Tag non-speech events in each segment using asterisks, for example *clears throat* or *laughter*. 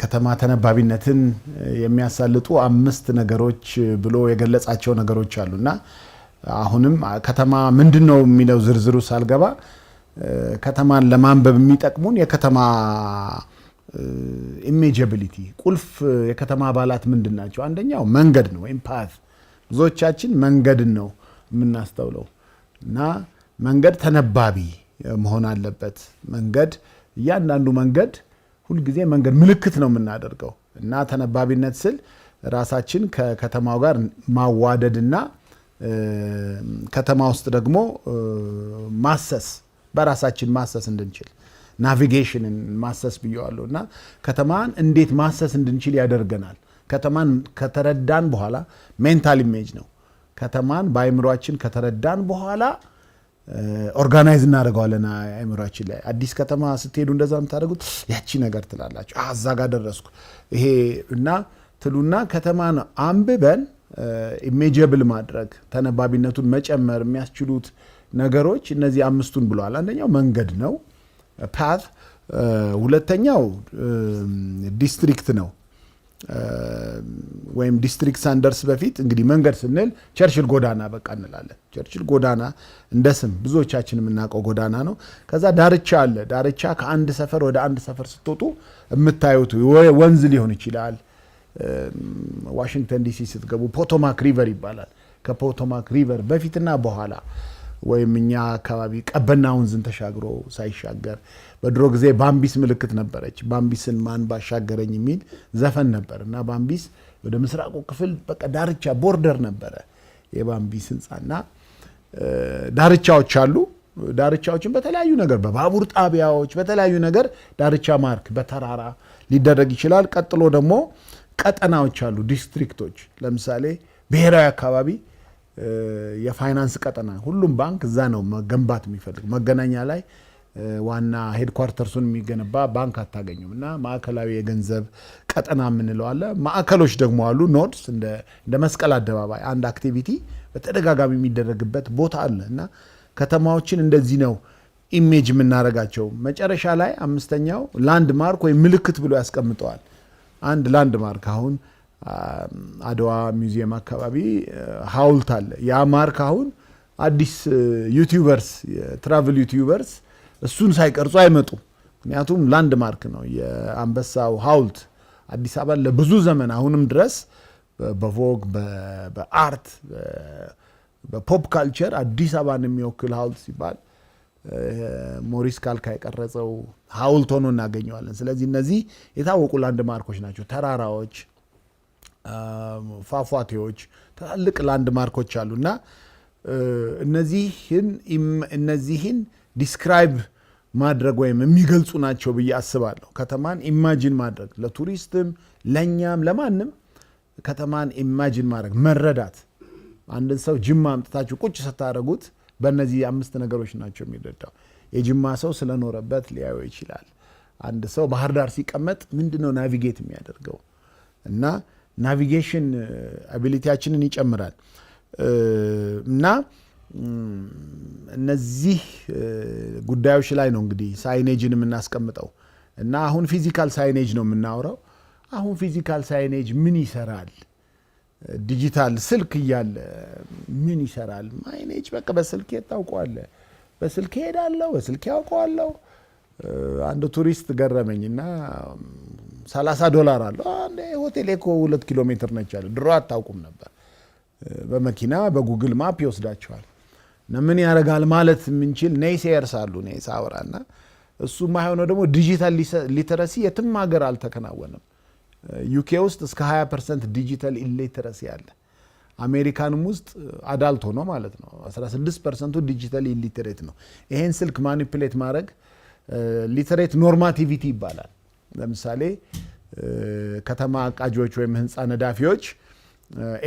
ከተማ ተነባቢነትን የሚያሳልጡ አምስት ነገሮች ብሎ የገለጻቸው ነገሮች አሉ እና አሁንም ከተማ ምንድን ነው የሚለው ዝርዝሩ ሳልገባ ከተማን ለማንበብ የሚጠቅሙን የከተማ ኢሜጀቢሊቲ ቁልፍ የከተማ አባላት ምንድን ናቸው? አንደኛው መንገድ ነው ወይም ፓት። ብዙዎቻችን መንገድን ነው የምናስተውለው እና መንገድ ተነባቢ መሆን አለበት። መንገድ እያንዳንዱ መንገድ ሁልጊዜ መንገድ ምልክት ነው የምናደርገው እና ተነባቢነት ስል ራሳችን ከከተማው ጋር ማዋደድና ከተማ ውስጥ ደግሞ ማሰስ በራሳችን ማሰስ እንድንችል ናቪጌሽንን ማሰስ ብየዋለሁ እና ከተማን እንዴት ማሰስ እንድንችል ያደርገናል። ከተማን ከተረዳን በኋላ ሜንታል ኢሜጅ ነው። ከተማን በአይምሯችን ከተረዳን በኋላ ኦርጋናይዝ እናደርገዋለን አይምሯችን ላይ። አዲስ ከተማ ስትሄዱ እንደዛ የምታደርጉት ያቺ ነገር ትላላችሁ፣ እዛ ጋር ደረስኩ ይሄ እና ትሉና ከተማን አንብበን ኢሜጀብል ማድረግ ተነባቢነቱን መጨመር የሚያስችሉት ነገሮች እነዚህ አምስቱን ብለዋል። አንደኛው መንገድ ነው ፓት፣ ሁለተኛው ዲስትሪክት ነው ወይም ዲስትሪክት ሳንደርስ በፊት እንግዲህ መንገድ ስንል ቸርችል ጎዳና በቃ እንላለን። ቸርችል ጎዳና እንደ ስም ብዙዎቻችን የምናውቀው ጎዳና ነው። ከዛ ዳርቻ አለ። ዳርቻ ከአንድ ሰፈር ወደ አንድ ሰፈር ስትወጡ የምታዩት ወንዝ ሊሆን ይችላል። ዋሽንግተን ዲሲ ስትገቡ ፖቶማክ ሪቨር ይባላል። ከፖቶማክ ሪቨር በፊትና በኋላ ወይም እኛ አካባቢ ቀበና ወንዝን ተሻግሮ ሳይሻገር በድሮ ጊዜ ባምቢስ ምልክት ነበረች። ባምቢስን ማን ባሻገረኝ የሚል ዘፈን ነበር እና ባምቢስ ወደ ምስራቁ ክፍል በቃ ዳርቻ ቦርደር ነበረ የባምቢስ ህንፃና ዳርቻዎች አሉ። ዳርቻዎችን በተለያዩ ነገር በባቡር ጣቢያዎች፣ በተለያዩ ነገር ዳርቻ ማርክ በተራራ ሊደረግ ይችላል። ቀጥሎ ደግሞ ቀጠናዎች አሉ፣ ዲስትሪክቶች። ለምሳሌ ብሔራዊ አካባቢ የፋይናንስ ቀጠና፣ ሁሉም ባንክ እዛ ነው መገንባት የሚፈልግ መገናኛ ላይ ዋና ሄድኳርተርሱን የሚገነባ ባንክ አታገኙም እና ማዕከላዊ የገንዘብ ቀጠና የምንለው አለ። ማዕከሎች ደግሞ አሉ፣ ኖድስ እንደ መስቀል አደባባይ አንድ አክቲቪቲ በተደጋጋሚ የሚደረግበት ቦታ አለ እና ከተማዎችን እንደዚህ ነው ኢሜጅ የምናደርጋቸው። መጨረሻ ላይ አምስተኛው ላንድ ማርክ ወይም ምልክት ብሎ ያስቀምጠዋል። አንድ ላንድ ማርክ አሁን አድዋ ሚውዚየም አካባቢ ሀውልት አለ። ያ ማርክ አሁን አዲስ ዩቲዩበርስ ትራቭል ዩቲዩበርስ እሱን ሳይቀርጹ አይመጡም። ምክንያቱም ላንድ ማርክ ነው። የአንበሳው ሐውልት አዲስ አበባ ለብዙ ዘመን አሁንም ድረስ በቮግ በአርት በፖፕ ካልቸር አዲስ አበባን የሚወክል ሐውልት ሲባል ሞሪስ ካልካ የቀረጸው ሐውልት ሆኖ እናገኘዋለን። ስለዚህ እነዚህ የታወቁ ላንድ ማርኮች ናቸው። ተራራዎች፣ ፏፏቴዎች ትላልቅ ላንድ ማርኮች አሉ እና እነዚህን ዲስክራይብ ማድረግ ወይም የሚገልጹ ናቸው ብዬ አስባለሁ። ከተማን ኢማጂን ማድረግ ለቱሪስትም፣ ለእኛም፣ ለማንም ከተማን ኢማጂን ማድረግ መረዳት። አንድን ሰው ጅማ አምጥታችሁ ቁጭ ስታደረጉት በእነዚህ አምስት ነገሮች ናቸው የሚረዳው። የጅማ ሰው ስለኖረበት ሊያዩ ይችላል። አንድ ሰው ባህር ዳር ሲቀመጥ ምንድነው ናቪጌት የሚያደርገው እና ናቪጌሽን አቢሊቲያችንን ይጨምራል እና እነዚህ ጉዳዮች ላይ ነው እንግዲህ ሳይኔጅን የምናስቀምጠው እና አሁን ፊዚካል ሳይኔጅ ነው የምናውረው። አሁን ፊዚካል ሳይኔጅ ምን ይሰራል? ዲጂታል ስልክ እያለ ምን ይሰራል? ማይኔጅ በቃ በስልክ የታውቋለ በስልክ ሄዳለሁ፣ በስልክ ያውቀዋለሁ። አንድ ቱሪስት ገረመኝ እና ሰላሳ ዶላር አለው ሆቴል ኮ ሁለት ኪሎ ሜትር ነች አለ። ድሮ አታውቁም ነበር። በመኪና በጉግል ማፕ ይወስዳቸዋል። ምን ያደርጋል ማለት የምንችል ኔይሴየርስ አሉ ኔሳውራ ሳወራና እሱ የማይሆነው ደግሞ ዲጂታል ሊተረሲ የትም ሀገር አልተከናወንም። ዩኬ ውስጥ እስከ 20 ፐርሰንት ዲጂታል ኢሊተረሲ አለ። አሜሪካንም ውስጥ አዳልት ሆኖ ማለት ነው 16 ፐርሰንቱ ዲጂታል ኢሊተሬት ነው። ይሄን ስልክ ማኒፕሌት ማድረግ ሊተሬት ኖርማቲቪቲ ይባላል። ለምሳሌ ከተማ አቃጆች ወይም ህንፃ ነዳፊዎች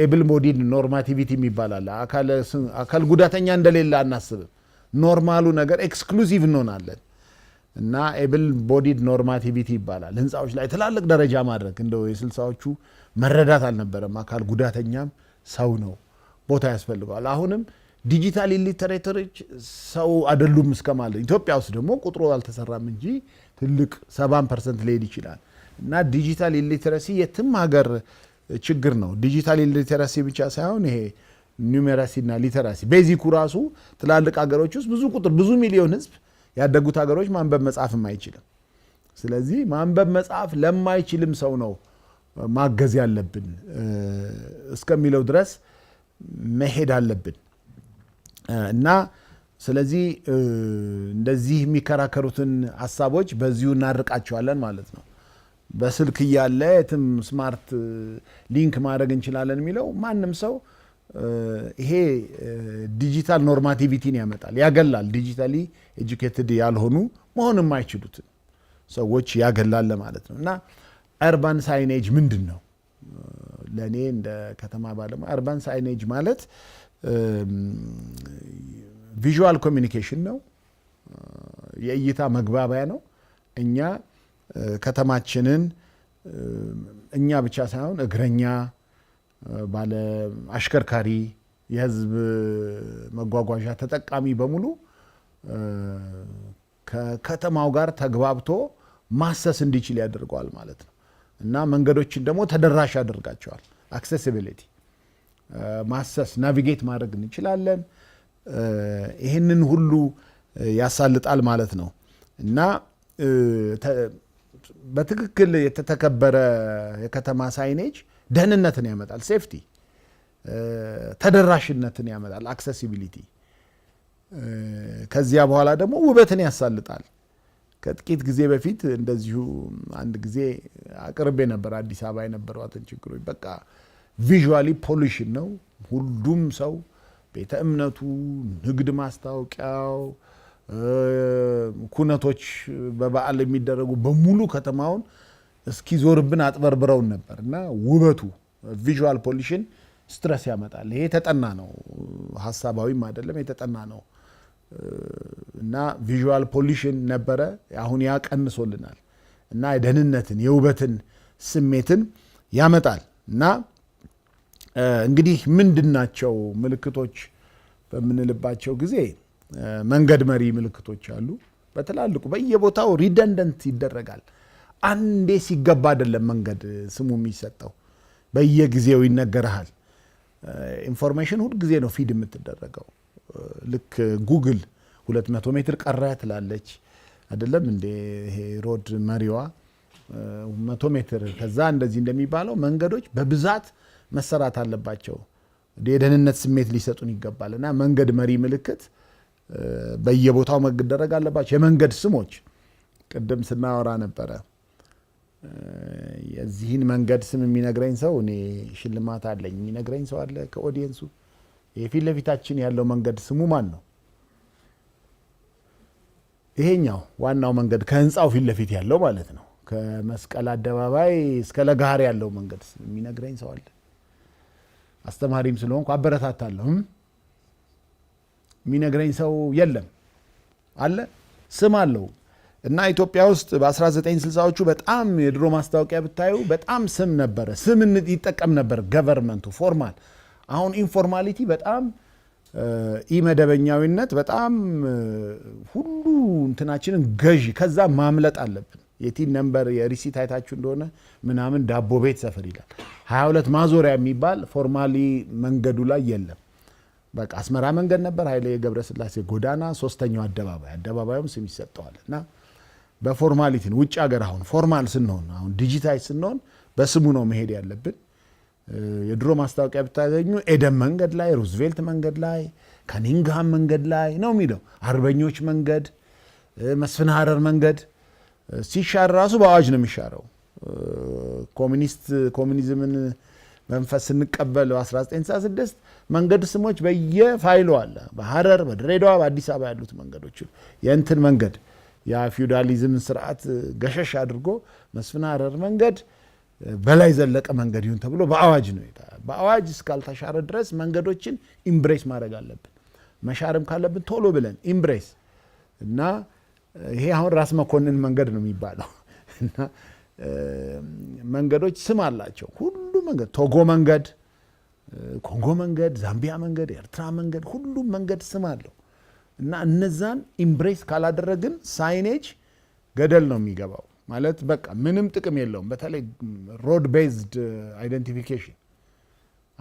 ኤብል ቦዲድ ኖርማቲቪቲ ይባላል። አካል ጉዳተኛ እንደሌለ አናስብም። ኖርማሉ ነገር ኤክስክሉዚቭ እንሆናለን እና ኤብል ቦዲድ ኖርማቲቪቲ ይባላል። ህንፃዎች ላይ ትላልቅ ደረጃ ማድረግ እንደው የስልሳዎቹ መረዳት አልነበረም። አካል ጉዳተኛም ሰው ነው፣ ቦታ ያስፈልገዋል። አሁንም ዲጂታል ኢሊተሬተሮች ሰው አይደሉም እስከማለ ኢትዮጵያ ውስጥ ደግሞ ቁጥሩ አልተሰራም እንጂ ትልቅ ሰባን ፐርሰንት ሊሄድ ይችላል እና ዲጂታል ኢሊተረሲ የትም ሀገር ችግር ነው። ዲጂታል ሊተራሲ ብቻ ሳይሆን ይሄ እና ሊተራሲ ቤዚኩ ራሱ ትላልቅ ሀገሮች ውስጥ ብዙ ቁጥር ብዙ ሚሊዮን ህዝብ ያደጉት ሀገሮች ማንበብ መጻፍም አይችልም። ስለዚህ ማንበብ መጻፍ ለማይችልም ሰው ነው ማገዝ ያለብን እስከሚለው ድረስ መሄድ አለብን እና ስለዚህ እንደዚህ የሚከራከሩትን ሀሳቦች በዚሁ እናርቃቸዋለን ማለት ነው። በስልክ እያለ የትም ስማርት ሊንክ ማድረግ እንችላለን የሚለው ማንም ሰው ይሄ ዲጂታል ኖርማቲቪቲን ያመጣል፣ ያገላል። ዲጂታሊ ኤጁኬትድ ያልሆኑ መሆን የማይችሉትን ሰዎች ያገላል ለማለት ነው። እና አርባን ሳይኔጅ ምንድን ነው? ለእኔ እንደ ከተማ ባለሙያ አርባን ሳይኔጅ ማለት ቪዥዋል ኮሚኒኬሽን ነው፣ የእይታ መግባቢያ ነው። እኛ ከተማችንን እኛ ብቻ ሳይሆን እግረኛ፣ ባለ አሽከርካሪ፣ የህዝብ መጓጓዣ ተጠቃሚ በሙሉ ከከተማው ጋር ተግባብቶ ማሰስ እንዲችል ያደርገዋል ማለት ነው እና መንገዶችን ደግሞ ተደራሽ ያደርጋቸዋል። አክሴሲቢሊቲ ማሰስ ናቪጌት ማድረግ እንችላለን። ይህንን ሁሉ ያሳልጣል ማለት ነው እና በትክክል የተተከበረ የከተማ ሳይኔጅ ደህንነትን ያመጣል፣ ሴፍቲ ተደራሽነትን ያመጣል፣ አክሰሲቢሊቲ። ከዚያ በኋላ ደግሞ ውበትን ያሳልጣል። ከጥቂት ጊዜ በፊት እንደዚሁ አንድ ጊዜ አቅርቤ ነበር። አዲስ አበባ የነበሯትን ችግሮች በቃ ቪዥዋሊ ፖሊሽን ነው። ሁሉም ሰው ቤተ እምነቱ፣ ንግድ ማስታወቂያው ኩነቶች በበዓል የሚደረጉ በሙሉ ከተማውን እስኪዞርብን አጥበርብረውን ነበር እና ውበቱ ቪዥዋል ፖሊሽን ስትረስ ያመጣል። ይሄ የተጠና ነው፣ ሀሳባዊም አይደለም የተጠና ነው እና ቪዥዋል ፖሊሽን ነበረ። አሁን ያ ቀንሶልናል እና የደህንነትን የውበትን ስሜትን ያመጣል እና እንግዲህ ምንድን ናቸው ምልክቶች በምንልባቸው ጊዜ መንገድ መሪ ምልክቶች አሉ። በትላልቁ በየቦታው ሪደንደንት ይደረጋል። አንዴ ሲገባ አይደለም መንገድ ስሙ የሚሰጠው፣ በየጊዜው ይነገርሃል። ኢንፎርሜሽን ሁልጊዜ ነው ፊድ የምትደረገው። ልክ ጉግል 200 ሜትር ቀረ ትላለች አይደለም እንዴ? ሮድ መሪዋ 100 ሜትር ከዛ እንደዚህ እንደሚባለው መንገዶች በብዛት መሰራት አለባቸው። የደህንነት ስሜት ሊሰጡን ይገባል እና መንገድ መሪ ምልክት በየቦታው መደረግ አለባቸው። የመንገድ ስሞች ቅድም ስናወራ ነበረ። የዚህን መንገድ ስም የሚነግረኝ ሰው እኔ ሽልማት አለኝ የሚነግረኝ ሰው አለ ከኦዲየንሱ። የፊት ለፊታችን ያለው መንገድ ስሙ ማን ነው? ይሄኛው ዋናው መንገድ ከህንፃው ፊት ለፊት ያለው ማለት ነው። ከመስቀል አደባባይ እስከ ለጋሃር ያለው መንገድ ስም የሚነግረኝ ሰው አለ። አስተማሪም ስለሆንኩ አበረታታለሁ። የሚነግረኝ ሰው የለም አለ ስም አለው እና ኢትዮጵያ ውስጥ በ1960ዎቹ በጣም የድሮ ማስታወቂያ ብታዩ በጣም ስም ነበረ። ስም ይጠቀም ነበር ገቨርንመንቱ ፎርማል። አሁን ኢንፎርማሊቲ በጣም ኢመደበኛዊነት በጣም ሁሉ እንትናችንን ገዢ፣ ከዛ ማምለጥ አለብን። የቲን ነንበር የሪሲት አይታችሁ እንደሆነ ምናምን ዳቦ ቤት ሰፈር ይላል። 22 ማዞሪያ የሚባል ፎርማሊ መንገዱ ላይ የለም። በቃ አስመራ መንገድ ነበር፣ ኃይሌ ገብረስላሴ ጎዳና፣ ሶስተኛው አደባባይ አደባባዩም ስም ይሰጠዋል። እና በፎርማሊቲ ውጭ ሀገር አሁን ፎርማል ስንሆን አሁን ዲጂታይ ስንሆን በስሙ ነው መሄድ ያለብን። የድሮ ማስታወቂያ ብታገኙ ኤደን መንገድ ላይ፣ ሩዝቬልት መንገድ ላይ፣ ከኒንግሃም መንገድ ላይ ነው የሚለው አርበኞች መንገድ፣ መስፍን ሀረር መንገድ ሲሻር ራሱ በአዋጅ ነው የሚሻረው ኮሚኒስት ኮሚኒዝምን መንፈስ ስንቀበለው 1996 መንገድ ስሞች በየፋይሉ አለ። በሐረር በድሬዳዋ በአዲስ አበባ ያሉት መንገዶች የእንትን መንገድ የፊውዳሊዝም ስርዓት ገሸሽ አድርጎ መስፍን ሐረር መንገድ በላይ ዘለቀ መንገድ ይሁን ተብሎ በአዋጅ ነው። በአዋጅ እስካልተሻረ ድረስ መንገዶችን ኢምብሬስ ማድረግ አለብን። መሻርም ካለብን ቶሎ ብለን ኢምብሬስ እና ይሄ አሁን ራስ መኮንን መንገድ ነው የሚባለው እና መንገዶች ስም አላቸው። ሁሉም መንገድ ቶጎ መንገድ፣ ኮንጎ መንገድ፣ ዛምቢያ መንገድ፣ ኤርትራ መንገድ፣ ሁሉም መንገድ ስም አለው እና እነዛን ኢምብሬስ ካላደረግን ሳይኔጅ ገደል ነው የሚገባው። ማለት በቃ ምንም ጥቅም የለውም። በተለይ ሮድ ቤዝድ አይደንቲፊኬሽን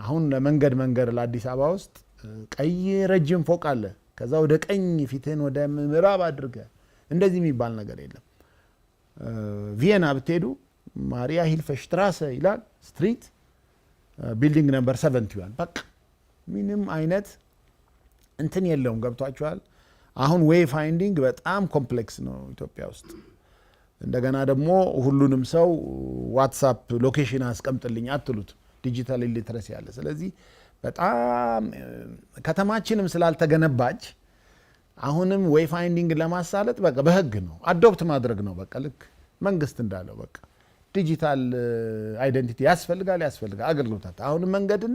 አሁን ለመንገድ መንገድ ለአዲስ አበባ ውስጥ ቀይ ረጅም ፎቅ አለ። ከዛ ወደ ቀኝ ፊትህን ወደ ምዕራብ አድርገ እንደዚህ የሚባል ነገር የለም። ቪየና ብትሄዱ ማሪያ ሂልፈሽትራሰ ይላል ስትሪት ቢልዲንግ ነምበር ሰቨንቲ ዋን በቃ ምንም አይነት እንትን የለውም። ገብቷችኋል? አሁን ዌይ ፋይንዲንግ በጣም ኮምፕሌክስ ነው ኢትዮጵያ ውስጥ። እንደገና ደግሞ ሁሉንም ሰው ዋትሳፕ ሎኬሽን አስቀምጥልኝ አትሉት፣ ዲጂታል ኢሊትረሲ ያለ። ስለዚህ በጣም ከተማችንም ስላልተገነባች አሁንም ዌይ ፋይንዲንግ ለማሳለጥ በቃ በህግ ነው አዶፕት ማድረግ ነው። በቃ ልክ መንግስት እንዳለው በቃ ዲጂታል አይደንቲቲ ያስፈልጋል ያስፈልጋል አገልግሎታት አሁንም መንገድን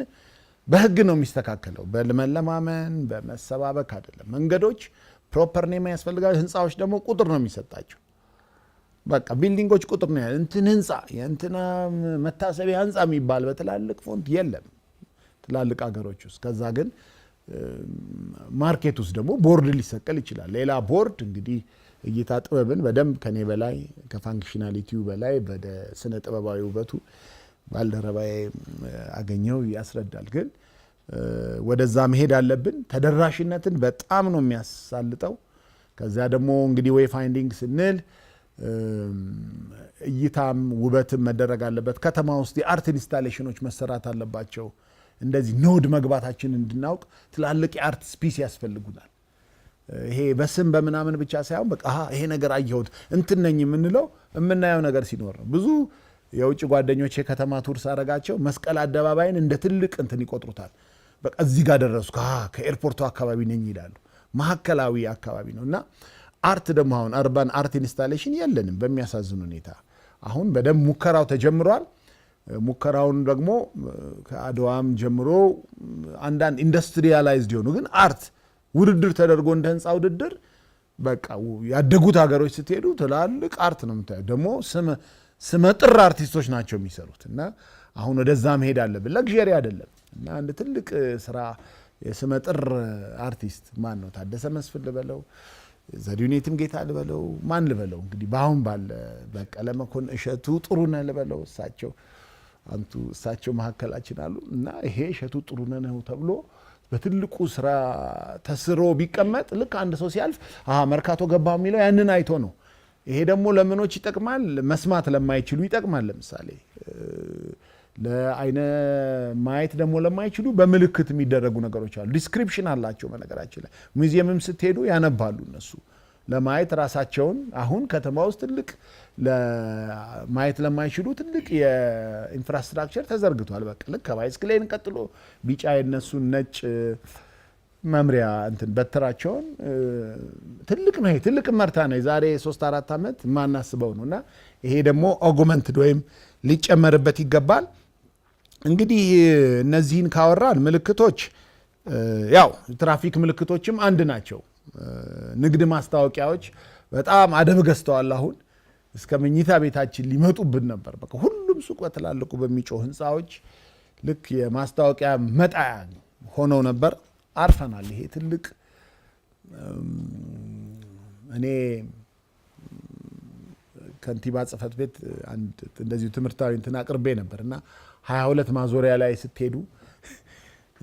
በህግ ነው የሚስተካከለው። በመለማመን በመሰባበክ አይደለም። መንገዶች ፕሮፐር ኔም ያስፈልጋል። ህንፃዎች ደግሞ ቁጥር ነው የሚሰጣቸው። በቃ ቢልዲንጎች ቁጥር ነው ያለ እንትን ህንፃ የእንትና መታሰቢያ ህንፃ የሚባል በትላልቅ ፎንት የለም ትላልቅ ሀገሮች ውስጥ። ከዛ ግን ማርኬት ውስጥ ደግሞ ቦርድ ሊሰቀል ይችላል። ሌላ ቦርድ እንግዲህ እይታ ጥበብን በደንብ ከኔ በላይ ከፋንክሽናሊቲው በላይ ወደ ስነ ጥበባዊ ውበቱ ባልደረባ አገኘው ያስረዳል። ግን ወደዛ መሄድ አለብን። ተደራሽነትን በጣም ነው የሚያሳልጠው። ከዚያ ደግሞ እንግዲህ ዌይ ፋይንዲንግ ስንል እይታም ውበትም መደረግ አለበት። ከተማ ውስጥ የአርት ኢንስታሌሽኖች መሰራት አለባቸው። እንደዚህ ኖድ መግባታችን እንድናውቅ ትላልቅ የአርት ስፒስ ያስፈልጉናል። ይሄ በስም በምናምን ብቻ ሳይሆን በቃ ይሄ ነገር አየሁት እንትን ነኝ የምንለው የምናየው ነገር ሲኖር ነው። ብዙ የውጭ ጓደኞች የከተማ ቱር ሳረጋቸው መስቀል አደባባይን እንደ ትልቅ እንትን ይቆጥሩታል። በቃ እዚህ ጋር ደረስኩ ከኤርፖርቱ አካባቢ ነኝ ይላሉ። ማዕከላዊ አካባቢ ነው እና አርት ደግሞ አሁን አርባን አርት ኢንስታሌሽን የለንም በሚያሳዝን ሁኔታ። አሁን በደንብ ሙከራው ተጀምሯል። ሙከራውን ደግሞ ከአድዋም ጀምሮ አንዳንድ ኢንዱስትሪያላይዝድ የሆኑ ግን አርት ውድድር ተደርጎ እንደ ህንፃ ውድድር በቃ ያደጉት ሀገሮች ስትሄዱ ትላልቅ አርት ነው ምታ ደግሞ ስመጥር አርቲስቶች ናቸው የሚሰሩት እና አሁን ወደዛ መሄድ አለብን። ለግዠሪ አይደለም እና አንድ ትልቅ ስራ የስመጥር አርቲስት ማን ነው? ታደሰ መስፍን ልበለው፣ ዘሪሁኔትም ጌታ ልበለው፣ ማን ልበለው? እንግዲህ በአሁን ባለ በቀለ መኮንን፣ እሸቱ ጥሩነህ ልበለው እሳቸው አንቱ እሳቸው መካከላችን አሉ እና ይሄ እሸቱ ጥሩነህ ነው ተብሎ በትልቁ ስራ ተስሮ ቢቀመጥ ልክ አንድ ሰው ሲያልፍ መርካቶ ገባ የሚለው ያንን አይቶ ነው። ይሄ ደግሞ ለምኖች ይጠቅማል፣ መስማት ለማይችሉ ይጠቅማል። ለምሳሌ ለአይነ ማየት ደግሞ ለማይችሉ በምልክት የሚደረጉ ነገሮች አሉ። ዲስክሪፕሽን አላቸው። በነገራችን ላይ ሙዚየምም ስትሄዱ ያነባሉ እነሱ ለማየት ራሳቸውን አሁን ከተማ ውስጥ ትልቅ ለማየት ለማይችሉ ትልቅ የኢንፍራስትራክቸር ተዘርግቷል። በቃ ልክ ከባይስክሌን ቀጥሎ ቢጫ የነሱን ነጭ መምሪያ እንትን በትራቸውን ትልቅ ነው። ትልቅ መርታ ነው። የዛሬ ሶስት አራት ዓመት የማናስበው ነው እና ይሄ ደግሞ ኦጉመንትድ ወይም ሊጨመርበት ይገባል። እንግዲህ እነዚህን ካወራን ምልክቶች ያው ትራፊክ ምልክቶችም አንድ ናቸው። ንግድ ማስታወቂያዎች በጣም አደብ ገዝተዋል። አሁን እስከ መኝታ ቤታችን ሊመጡብን ነበር። በቃ ሁሉም ሱቅ በትላልቁ በሚጮህ ህንፃዎች ልክ የማስታወቂያ መጣያ ሆነው ነበር። አርፈናል። ይሄ ትልቅ እኔ ከንቲባ ጽህፈት ቤት አንድ እንደዚሁ ትምህርታዊ እንትን አቅርቤ ነበር እና ሀያ ሁለት ማዞሪያ ላይ ስትሄዱ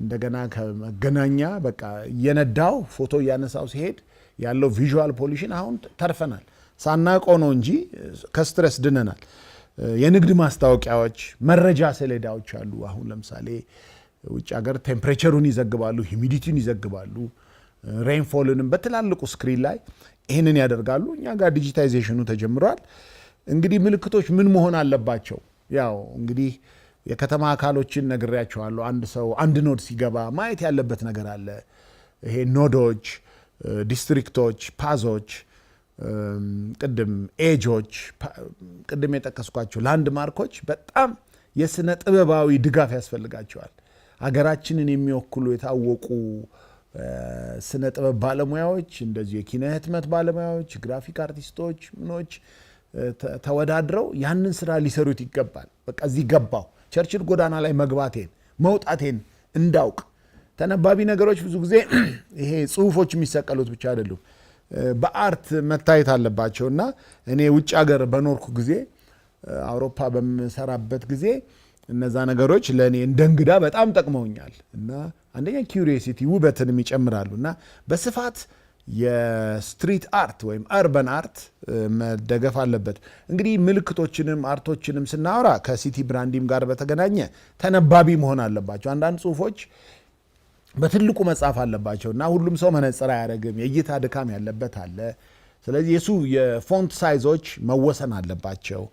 እንደገና ከመገናኛ በቃ እየነዳው ፎቶ እያነሳው ሲሄድ ያለው ቪዥዋል ፖሊሽን አሁን ተርፈናል። ሳናቀው ነው እንጂ ከስትረስ ድነናል። የንግድ ማስታወቂያዎች፣ መረጃ ሰሌዳዎች አሉ። አሁን ለምሳሌ ውጭ ሀገር ቴምፕሬቸሩን ይዘግባሉ፣ ሂሚዲቲን ይዘግባሉ፣ ሬንፎልንም በትላልቁ ስክሪን ላይ ይህንን ያደርጋሉ። እኛ ጋር ዲጂታይዜሽኑ ተጀምሯል። እንግዲህ ምልክቶች ምን መሆን አለባቸው? ያው እንግዲህ የከተማ አካሎችን ነግሬያቸዋለሁ። አንድ ሰው አንድ ኖድ ሲገባ ማየት ያለበት ነገር አለ። ይሄ ኖዶች፣ ዲስትሪክቶች፣ ፓዞች፣ ቅድም ኤጆች፣ ቅድም የጠቀስኳቸው ላንድ ማርኮች በጣም የስነ ጥበባዊ ድጋፍ ያስፈልጋቸዋል። ሀገራችንን የሚወክሉ የታወቁ ስነ ጥበብ ባለሙያዎች እንደዚሁ የኪነ ህትመት ባለሙያዎች፣ ግራፊክ አርቲስቶች ምኖች ተወዳድረው ያንን ስራ ሊሰሩት ይገባል። በቃ እዚህ ገባው ቸርችል ጎዳና ላይ መግባቴን መውጣቴን እንዳውቅ ተነባቢ ነገሮች ብዙ ጊዜ *clears throat* ይሄ ጽሁፎች የሚሰቀሉት ብቻ አይደሉም፣ በአርት መታየት አለባቸው እና እኔ ውጭ ሀገር በኖርኩ ጊዜ አውሮፓ በምሰራበት ጊዜ እነዛ ነገሮች ለእኔ እንደ እንግዳ በጣም ጠቅመውኛል እና አንደኛ ኪዩሪዮሲቲ ውበትንም ይጨምራሉ እና በስፋት የስትሪት አርት ወይም አርበን አርት መደገፍ አለበት። እንግዲህ ምልክቶችንም አርቶችንም ስናወራ ከሲቲ ብራንዲም ጋር በተገናኘ ተነባቢ መሆን አለባቸው። አንዳንድ ጽሁፎች በትልቁ መጻፍ አለባቸው እና ሁሉም ሰው መነጽር አያደርግም። የእይታ ድካም ያለበት አለ። ስለዚህ የሱ የፎንት ሳይዞች መወሰን አለባቸው።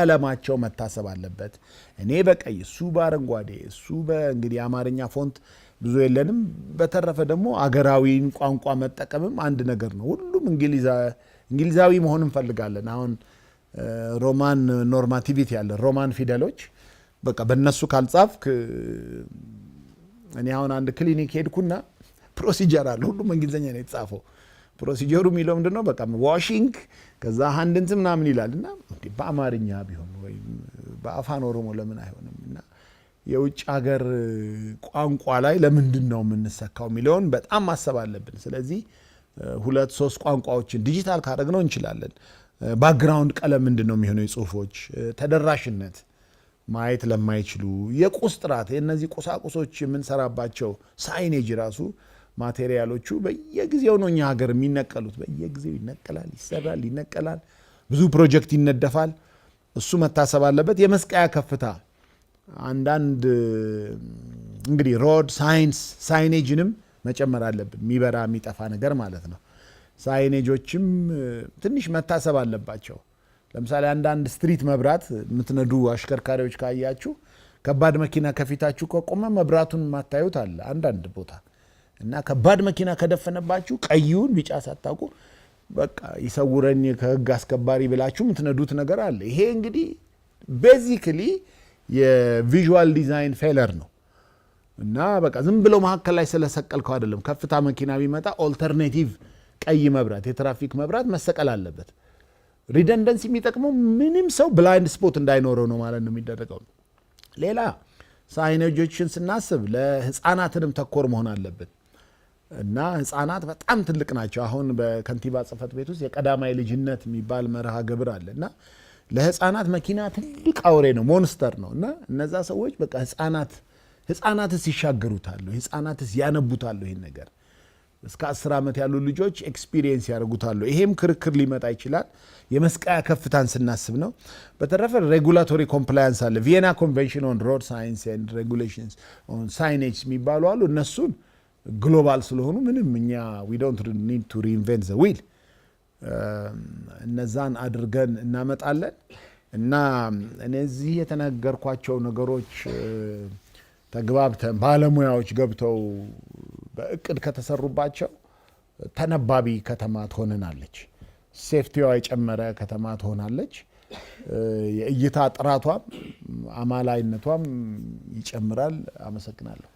ቀለማቸው መታሰብ አለበት። እኔ በቀይ እሱ በአረንጓዴ እሱ በእንግዲህ የአማርኛ ፎንት ብዙ የለንም። በተረፈ ደግሞ አገራዊን ቋንቋ መጠቀምም አንድ ነገር ነው። ሁሉም እንግሊዛዊ መሆን እንፈልጋለን። አሁን ሮማን ኖርማቲቪቲ አለ፣ ሮማን ፊደሎች በቃ በእነሱ ካልጻፍክ እኔ አሁን አንድ ክሊኒክ ሄድኩና ፕሮሲጀር አለ። ሁሉም በእንግሊዝኛ ነው የተጻፈው። ፕሮሲጀሩ የሚለው ምንድን ነው? በቃ ዋሽንግ ከዛ ሀንድ ምናምን ይላል እና በአማርኛ ቢሆን ወይም በአፋን ኦሮሞ ለምን አይሆንም? እና የውጭ ሀገር ቋንቋ ላይ ለምንድን ነው የምንሰካው የሚለውን በጣም ማሰብ አለብን። ስለዚህ ሁለት ሶስት ቋንቋዎችን ዲጂታል ካደረግነው እንችላለን። ባክግራውንድ ቀለም ምንድን ነው የሚሆነው? የጽሁፎች ተደራሽነት፣ ማየት ለማይችሉ የቁስ ጥራት፣ የእነዚህ ቁሳቁሶች የምንሰራባቸው ሳይኔጅ ራሱ ማቴሪያሎቹ በየጊዜው ነው እኛ ሀገር የሚነቀሉት። በየጊዜው ይነቀላል፣ ይሰራል፣ ይነቀላል፣ ብዙ ፕሮጀክት ይነደፋል። እሱ መታሰብ አለበት። የመስቀያ ከፍታ አንዳንድ እንግዲህ ሮድ ሳይንስ ሳይኔጅንም መጨመር አለብን። የሚበራ የሚጠፋ ነገር ማለት ነው። ሳይኔጆችም ትንሽ መታሰብ አለባቸው። ለምሳሌ አንዳንድ ስትሪት መብራት የምትነዱ አሽከርካሪዎች ካያችሁ ከባድ መኪና ከፊታችሁ ከቆመ መብራቱን ማታዩት አለ አንዳንድ ቦታ እና ከባድ መኪና ከደፈነባችሁ ቀይውን ቢጫ ሳታውቁ በቃ ይሰውረኝ ከህግ አስከባሪ ብላችሁ የምትነዱት ነገር አለ። ይሄ እንግዲህ ቤዚክሊ የቪዥዋል ዲዛይን ፌለር ነው እና በቃ ዝም ብሎ መካከል ላይ ስለሰቀልከው አይደለም። ከፍታ መኪና ቢመጣ ኦልተርኔቲቭ ቀይ መብራት፣ የትራፊክ መብራት መሰቀል አለበት። ሪደንደንስ የሚጠቅመው ምንም ሰው ብላይንድ ስፖት እንዳይኖረው ነው ማለት ነው የሚደረገው። ሌላ ሳይነጆችን ስናስብ ለህፃናትንም ተኮር መሆን አለብን እና ህፃናት በጣም ትልቅ ናቸው። አሁን በከንቲባ ጽህፈት ቤት ውስጥ የቀዳማይ ልጅነት የሚባል መርሃ ግብር አለ እና ለህፃናት መኪና ትልቅ አውሬ ነው፣ ሞንስተር ነው። እና እነዛ ሰዎች በቃ ህፃናት ህፃናትስ ይሻገሩታሉ፣ ህፃናትስ ያነቡታሉ። ይህን ነገር እስከ አስር ዓመት ያሉ ልጆች ኤክስፒሪየንስ ያደርጉታሉ። ይሄም ክርክር ሊመጣ ይችላል። የመስቀያ ከፍታን ስናስብ ነው። በተረፈ ሬጉላቶሪ ኮምፕላያንስ አለ። ቪየና ኮንቬንሽን ኦን ሮድ ሳይንስ ኤንድ ሬጉሌሽንስ ኦን ሳይኔጅ የሚባሉ አሉ። እነሱን ግሎባል ስለሆኑ ምንም እኛ ዊ ዶንት ኒድ ቱ ሪኢንቨንት ዘ ዊል እነዛን አድርገን እናመጣለን እና እነዚህ የተነገርኳቸው ነገሮች ተግባብተን ባለሙያዎች ገብተው በእቅድ ከተሰሩባቸው ተነባቢ ከተማ ትሆንናለች። ሴፍቲዋ የጨመረ ከተማ ትሆናለች። የእይታ ጥራቷም አማላይነቷም ይጨምራል። አመሰግናለሁ።